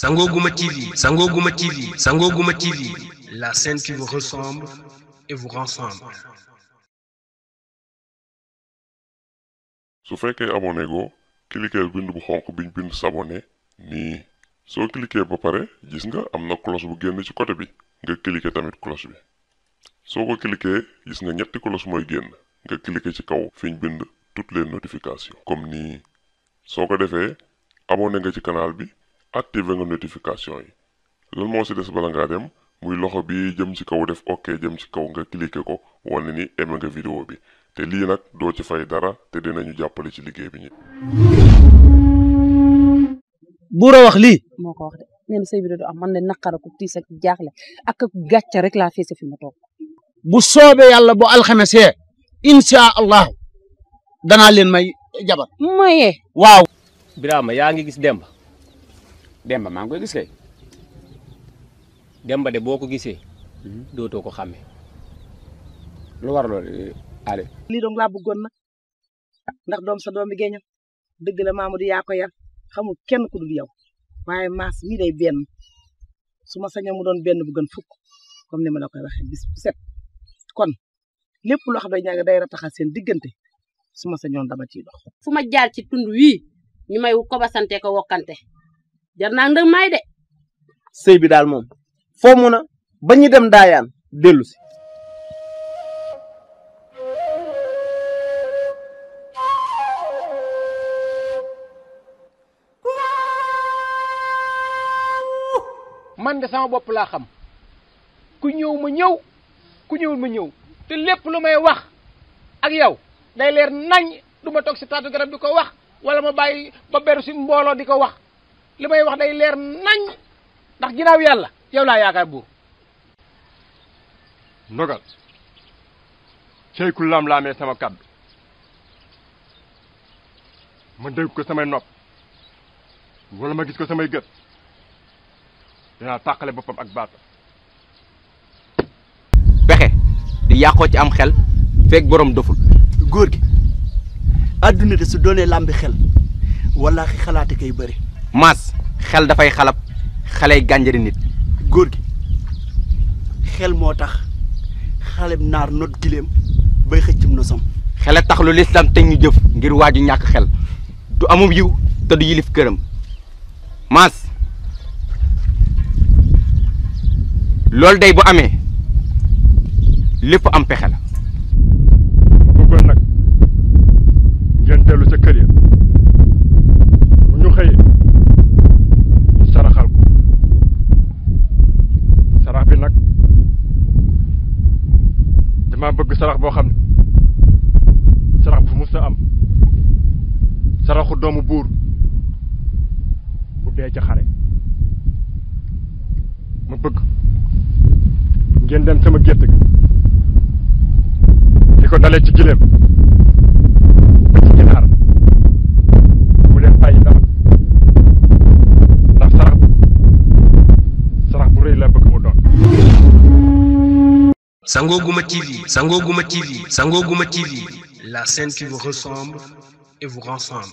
Sango Gouma TV, Sango Gouma TV, Sango Gouma TV, la scène qui vous ressemble et vous rassemble. su fekkee abonné go cliquer bind bu xonq biñ bind s'abonner nii soo cliquer ba pare gis nga am na cloche bu génn ci côté bi nga cliquer tamit cloche bi soo ko cliquer gis nga ñetti cloche mooy génn nga cliquer ci kaw fiñ bind toutes les notifications comme nii soo ko defee abonné nga ci canal bi activer nga notification yi lan moo si des bala nga dem muy loxo bi jëm ci kaw def ok jëm ci kaw nga cliquer ko wane ni aimé nga vidéo bi te lii nag doo ci fay dara te dinañu jàppale ci liggéey bi ñi buura wax lii moo ko wax de nee na sëy bi du am man ne naqara ko tiis ak jaaxle ak ak gàcce rek laa feese fi ma toog bu soobee yàlla bu alxamesee insha allah danaa leen may jabar maye waaw birama yaa ngi gis demba Demba maa ngi koy gis kay. Demba de boko ko hmm. doto ko xamé lu war loolu eh, ale li dom la bëggon nag ndax dom sa domi bi géñam dëgg la Mamadou ya ko yar xamu kenn ku dul yow waye maas mi day ben suma sañu mu don ben bu gën fukk comme ni ma la koy waxe bis set kon lepp lo xam ne ñaa day taxal seen digënté suma sañu dama dox. fuma jaar ci tundu wi ñu may ko basante ko wokanté jar naa may de sey bi dal mom fo mun a dem dayan delusi. si man de sama bop la xam ku ñew ma ñew ku ñëwul ma ñew te lepp lu may wax ak yow day leer nañ duma tok ci tatu garab di wax wala ma bayyi ba beru ci mbolo di wax li may wax day leer nañ ndax ginnaaw yàlla yow laa yaakaar buur ndogal cey ku sama kàddu ma dégg ko samay nopp wala ma gis ko samay gët danaa tàqale boppam ak baata pexe di yàqoo ci am xel feeg boroom doful góor gi àdduna de su doonee làmbi xel walla xalaate kay bëri maas xel dafay xalab xaley gànjari nit góor gi xel moo tax xale bu naar not gileem bay xëccum nosam xele tax lu lislaam te ñu jëf ngir waaju ñàkk xel du amub yiw te du yilif këram maas loolu dey bu amee lépp am pexe maa bëgg sarax boo xam ne sarax bu mus a am saraxu doomu buur bu dee ca xare ma bëgg ngeen dem sama gerte gi di ko dalee ci gileem Sangoguma TV, Sangoguma TV, Sangoguma TV, la scène qui vous ressemble et vous rassemble.